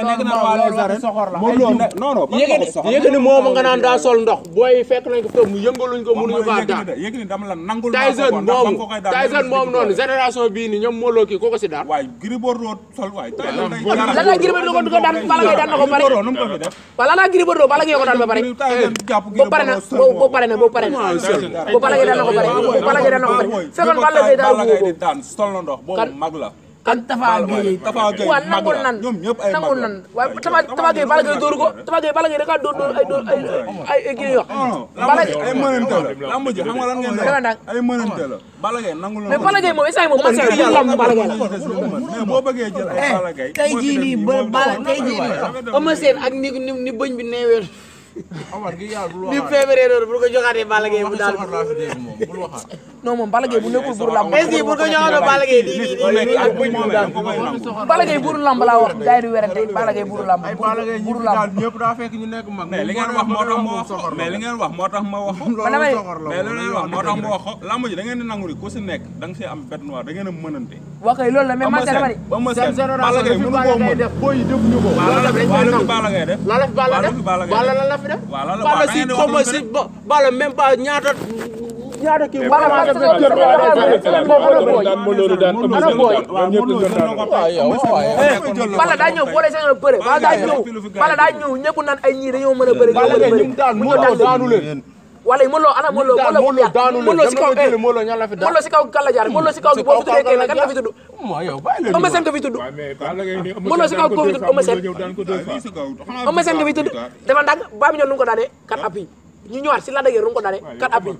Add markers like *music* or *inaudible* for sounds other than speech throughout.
yëg ni moom nga naan daa sol ndox booy fekk nañ ko foofu mu yëngaluñ ko mënuñu ko daan Tyson moomu Tyson moomu noonu génération bii ni ñoom Modou Lô kii koo ko si daan waay Gris Bordeaux sol waay lan la Gris Bordeaux ko daan Balla Gaye daan na ko pare waaw lan la Gris Bordeaux Balla Gaye ko daan ba pare bo pare na bo pare na bo pare na bo Balla Gaye daan na ko pare bo Balla Gaye daan na ko pare fekkoon Balla Gaye daan sol ndox boobu mag la ak Tafa Gueye Tafa Gueye waaw nangul nan nangul nan waaye Tafa Tafa Gueye Balla Gaye dóoru ko Tafa Gueye Balla Gaye da kaa dóor dóor ay dóor ay ay ay kii wax. Balla Gaye ay mënante la lamb ji xam nga lan ngeen def ay mënante la Balla Gaye nangul mais Balla Gaye moom instant moom man seetlu na lamb Balla Gaye la. mais boo bëggee jël ay Balla Gaye. tey jii nii ba Balla tey jii nii. Eumeu Sène ak ni ni bëñ bi neewee. Amar gi yàlla bul waxaat bi février noonu bu ko joxaatee Balla Gaye mu daal non moom Balla Gaye bu nekkul buur lamb est-ce que bu ko joxoon Balla Gaye nii nii nii Balla Gaye buur lamb laa wax gars yi di werante Balla Gaye buur lamb buur lamb ñëpp daa fekk ñu nekk mag mais li ngeen wax moo tax ma wax mais li ngeen wax moo tax ma wax mais li ngeen wax moo tax ma wax lamb ji da ngeen di nangu ku si nekk da nga see am bête noire da ngeen a mënante waa kay loolu la mais man dama ni. seen zéro raison bi fi Balla Gaye def booy yi defuñu ko. loolu la dañ koy nangu la fi Balla def Balla la la fi def. Balla si comme si Balla même pas ñaata. ñaata kii Balla maa def def jël moom ana booy. ana booy. Balla daa ñëw boole seen bëre Balla daa ñëw Balla daa ñëw ñëpp naan ay ñii dañoo mën a bëre. Balla Gaye ñu daan moo daanu leen. wala Modou Lo ana Modou Lo Modou Lo daanu Modou Lo eh, si kaw Modou Lo si kaw Kalla Diar Modou Lo si kaw boo fi tuddee kenn kan la ñu ñëwaat si Lac de Guiers nu mu ko daanee kat appuis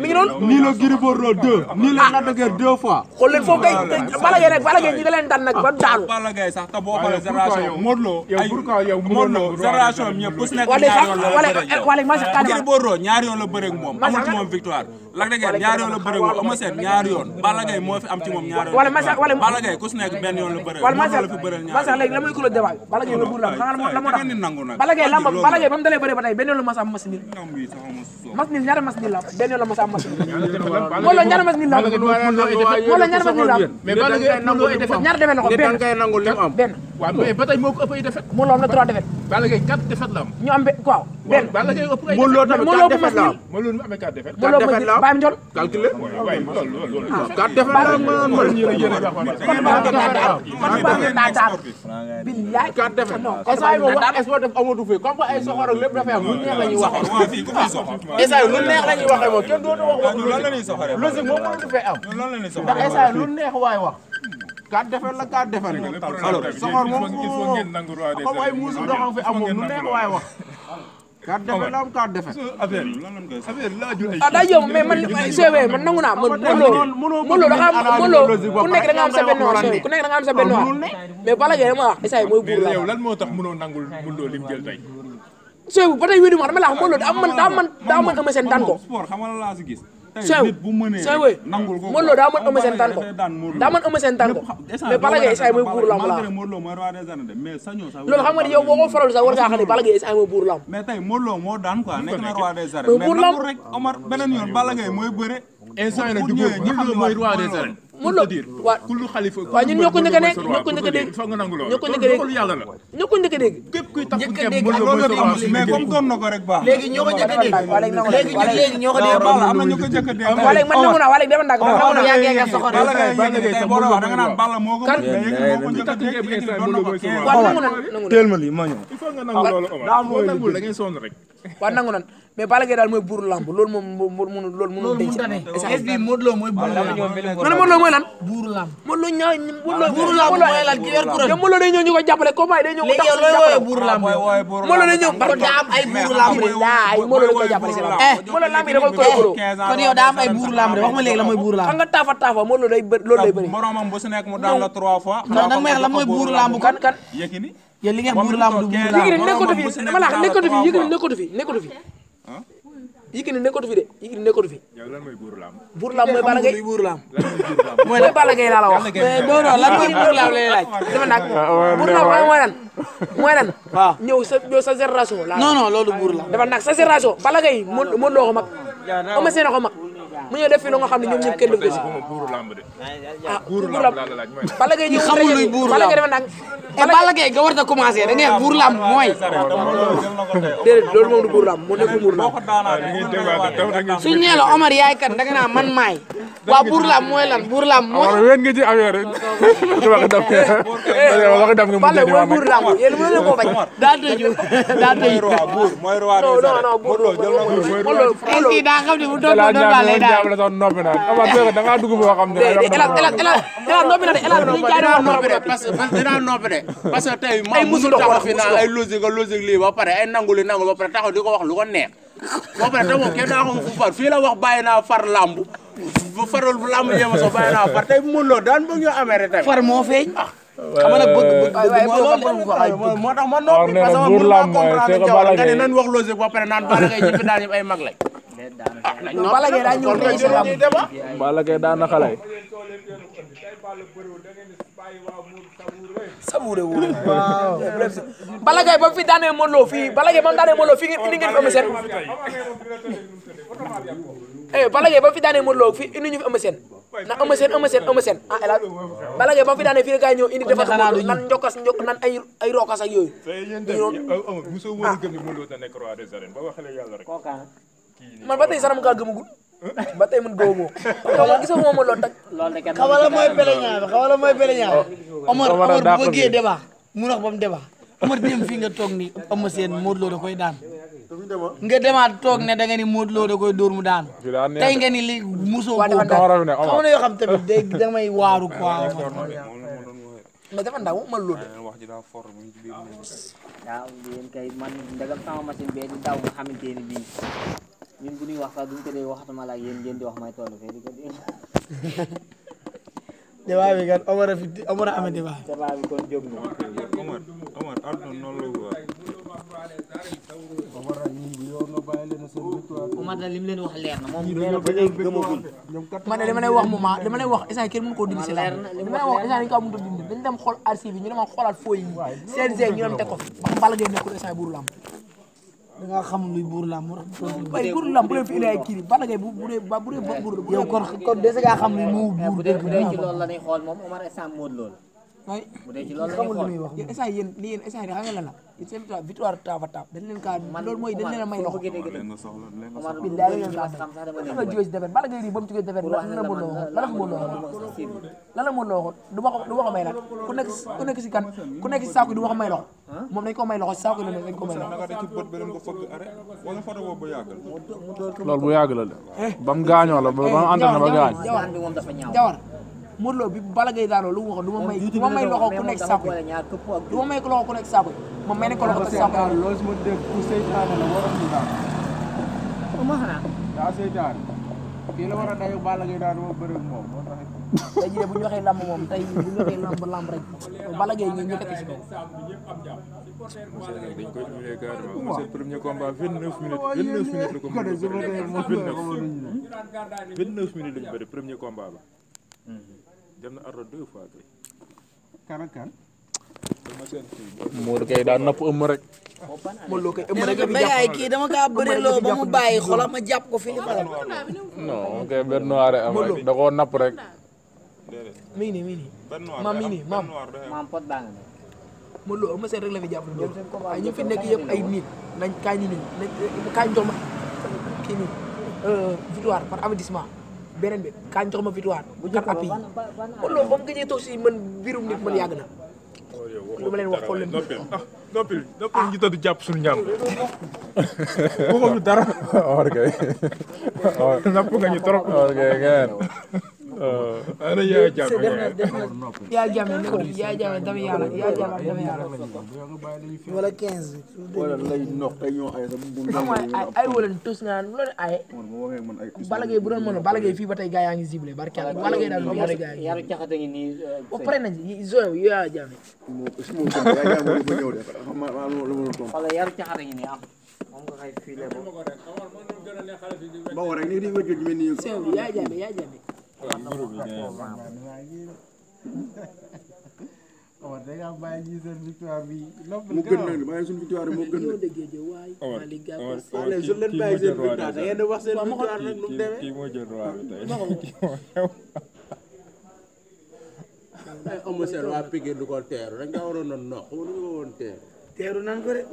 mi ngi noonu. nii la Gris Bordeaux deux nii la Lac de Guiers deux fois. xool leen foofu kay Balla Gaye rek Balla Gaye ñi da leen daan nag ba daanu. Balla Gaye sax te boo xoolee génération Modou Lo ay Modou Lo génération bi ñëpp ku si nekk ñaari yoon la bëre wala ma sax Gris Bordeaux ñaari yoon la bëre ak moom amul ci moom victoire Lac de Guiers ñaari yoon la bëre ak moom Eumeu Sène ñaari yoon Balla Gaye moo fi am ci moom ñaari yoon wala ma sax wala Balla Gaye ku si nekk benn yoon la bëre wala ma sax ma sax léegi la muy kulo débat Balla Gaye la mu la xanaa la moo tax Balla Gaye lamba Balla Gaye ba mu dalee bëre ba tey benn yoon la ma sax ma si mas nil ñaari mas nil la benn yoon la mas mas wala ñaari mas la wala ñaari mas nil la mais Balla Gaye nangu ay défaite ñaar défaite la am benn waaw mais ba tey moo ko moo la am na trois défaite Balla Gaye quatre défaite la am ñu am waaw benn Balla Gaye ëpp ay Modou Lo tamit quatre défaites la Modou Lo amee quatre défaites quatre défaites la bàyyi ma jol calculé quatre défaites la man billaay quatre défaites esaay moom wax sport def amatu fi comme ay soxor ak lépp dafay am lu neex la ñuy waxe esaay lu neex la ñuy waxe moom kenn dootu wax ah, logique moom mënatu fee am ndax esaay lu neex waay wax quatre défaites la quatre défaites la alors soxor moom comme ay muusu doxam fi am moom lu neex waay wax ka defe la am ka defe affaire affaire laajul ay ah daa yomb man CV man man mënoo mënoo da nga am mënoo ku nekk da nga am sa benn wax ku nekk da la nangul mënoo lim jël tey CV ba tey wédi ma dama la wax mënoo man da man daan ko sooy sooy Modou Lo daa mën Eumeu Sène daan Lo moo daan quoi nekk na roi des arènes mais buuru lamb rek Omar beneen yoon Balla Gaye mooy bëre instant yi nag du góor Modou Lo mooy roi des arènes Modou Lo waaw kullu xalifa waaw ñun a a a a kuy takku ceeb mën nga mais comme doon na ko rek baax. léegi ñoo ko njëkk a dégg léegi ñu léegi ñoo ko dégg baax am na ñu ko njëkk a dégg. wala man nangu naa wala dama ndàgg man nangu naa yàggee nga soxor. bala ngay yëngatee tey boo doon wax da nga naan bala moo ko. kan ñu takku ceeb instant mën nga koy soxor. waaw nangu na nangu na teel ma lii ma ñëw. il faut nga nangu loolu Omar boo nangul da ngay sonn rek waa nangu nan mais Balla Gaye daal mooy buuru lamb loolu moom moo mënu loolu mënu denc est-ce que Modou Lo mooy buuru lamb ma ne Modou Lo mooy lan buuru lamb Modou Lo ñaa Modou Lo buuru lamb mooy lan ki yor kuréel te Modou Lo day ñëw ñu ko jàppale combat day ñëw tax looy wooyee buuru lamb Modou Lo day ñëw parce que daa am ay buuru lamb de laay Modou Lo koy jàppale si lamb Modou Lo lamb yi dama koy wóoroo kon yow daa am ay buuru lamb de wax ma léegi la mooy buuru lamb xam nga taafa taafa Modou Lo day loolu day bëri moromam bu su nekk mu daan la trois fois non nag may lan mooy buuru lamb kan kan Yékini yow li nga xam ne la am du mu la nekkatu fi dama la nekkatu fi Yékini nekkatu fi nekkatu fi Yékini nekkatu fi de Yékini nekkatu fi sa ñëw sa génération mu ñëw def fi lu nga xam ne ñoom ñëpp kenn def ah buuru lamb Balla Gaye ñëw xamul luy buuru lamb eh, Balla Gaye nga war a commencé da ngay buuru lamb mooy déedéet loolu moom du buuru lamb moo nekk buuru lamb suñu nee la Omar yaay kat da nga naa man maay waaw buuru lamb mooy lan buuru lamb mooy ween nga ci affaire wax daf wax daf nga mu jëli wa buuru lamb yéen mënu ko bañ daa tëju daa tëju mooy roi mooy roi non non buuru mooy roi daa xam ne bu doon doon lay daa Diaby la sax noppi na da ngaa dugg foo xam ne. parce que dinaa noppi de parce que tey ma musul taxaw fi naan ay logique logique lii ba pare ay nangu li nangu ba pare taxaw di ko wax lu ko neex boo pare te moom kenn daa xam fu far fii la wax bàyyi naa far làmb bu farul làmb jéema so bàyyi naa far tey mënuloo daan bu ñu amee rek tamit far moo feeñ xam nga nag bëgg bëgg moo moo tax ma noppi parce que mënu ma comprendre nga wax logique ba pare naan bala ngay ñi fi daan ñëpp ay mag lañ ah nañ nopp bala ngay daa ñëw tey sa lamb bala ngay daa na xale. sabuure wu. waaw bala ngay ba fi daanee mënloo fii bala ngay ba mu daanee mënloo fii indi ngeen fi am seen. eh bala ngay ba fi daanee mënloo fii indi ñu fi am seen. na am seen am seen am seen ah El Hadj bala ngay ba fi daanee fii gars ñëw indi defar ko nan njokkas njokk nan ay ay rokas ak yooyu. ñu noonu ah. man ba tey sax dama kaa gëmagul. ba tey man góob moo. xaw gisoo moom loolu tag. loolu de xawala mooy beleñaa oh. bi xawala mooy beleñaa bi. Omar Omar bu bëggee débat mu wax ba mu débat Omar dem fii nga toog ni Eumeu Sène Modou Lô da koy daan. nga demaat toog ne da nga ni Modou Lô da koy dóor mu daan. tey nga ni li musoo ko xam na yoo xam tamit day damay waaru quoi mais dafa ndaw man loolu waaw yéen kay man ndagam sama machine bee di daw nga xamante ni bii ñun bu ñuy wax sax duñ ko dee waxatuma la ak yéen ngeen di wax may toll fee di ko dee. *laughs* débat bi kat Omar a fi Omar a amee débat. débat bi kon jóg na. Omar Omar àdduna noonu la ko Omar daal li mu leen wax leer na moom nee na ba léegi gëmagul. man de li ma lay wax moment li ma lay wax instant kenn mënu koo dindi si la. li ma lay wax instant dañu kaa mënut a dindi dañu dem xool archive yi ñu dem xoolaat fooy yi. CNG ñu dem teg ko fi. wax nga Balla Gaye nekkul instant buuru la am. da ngaa xam luy buur làmb moo tax. waaye buur làmb bu dee fi indi ay kii bi Balla Gaye bu bu dee ba bu dee buur eh, yow kon kon dese ngaa xam luy mu buur dëgg bu dee ci loolu la ñuy xool moom Omar Sam Modou loolu mooy xamul lu muy wax yéen instant yéen li yéen instant yéen xam nga lan la seen victoire victoire taafa taaf dañ a may loxo billaay leen mu ko du ma ko ma ko may ko may loxo si ko may eh. mu gaañoo la ba mu ànd eh, na ba gaañ jawar Modou Lo bi Balla Gaye daanoo lu mu waxoon du ma may du ma may loxo ku yi du ma may loxo ku nekk saako yi ma may ne ko loxo saako yi loolu su ma dégg ku seytaane la waroon daa moo bëri moo tax tey jii bu ñu waxee lamb moom tey bu ñu waxee lamb lamb rek si kaw. dañ koy humilier carrément c'est a bëri 29 minutes dem na Ardo deux fois kay. kan ak kan. Modou kay daa napp ëmm rek. Modou kay ëmm rek bi jàpp kii dama kaa bëriloo ba mu bàyyi xolam ma jàpp ko fii xala. non kay benn noir am rek da koo napp rek. mii nii mii nii. maam mii nii maam. maam pot baa nga ne. Modou Lo ëmm seen rek la fi jàpp ñoom. waaye ñu fi nekk yëpp ay nit nañ kaay ñu nii nañ eh, kaay jox ma kii nii euh, victoire par avertissement. beneen bi kañ jox ma victoire. bu jëkk ba ban ban at loolu si man biirum nit man yàgg na. Oh, li ma leen wax xool leen noppil ah noppil noppil ñu ah. tëdd jàpp suñu ñaam. *laughs* waxuñu dara. *laughs* ok. *laughs* napp nga ñu trop. Ah, ana yaa jàmme yaa jàmme ne ko yaa jàmme dama yàlla yaa jàmme dama yàlla wala quinze wala lay nox ay ñoo ay sa bu ay wala tus nga lu leen ay Balla Gaye bu doon mën a Balla Gaye fii ba tey gaa yaa ngi zible barke yàlla Balla Gaye daal yar gaa yi yar jaxate ngi nii ba pare nañ zoyo yaa jàmme wala yar jaxate ngi nii am moom nga xay fii la ba rek ni di wëjj mel ni yaa jàmme yaa jàmme waaw da ngaa bàyyi seen victoire bi. mu gën nag bàyyi suñu victoire bi mu gën nag. waaw waaw kii kii moo jël roi da ngeen di wax seen victoire nag nu mu demee. kii moo jël roi bi tey kii moo xew. ay Eumeu Sène waa Pikine du ko teeru dañ ko waroon a noq wala du ko woon teeru. teeru nan ko rek.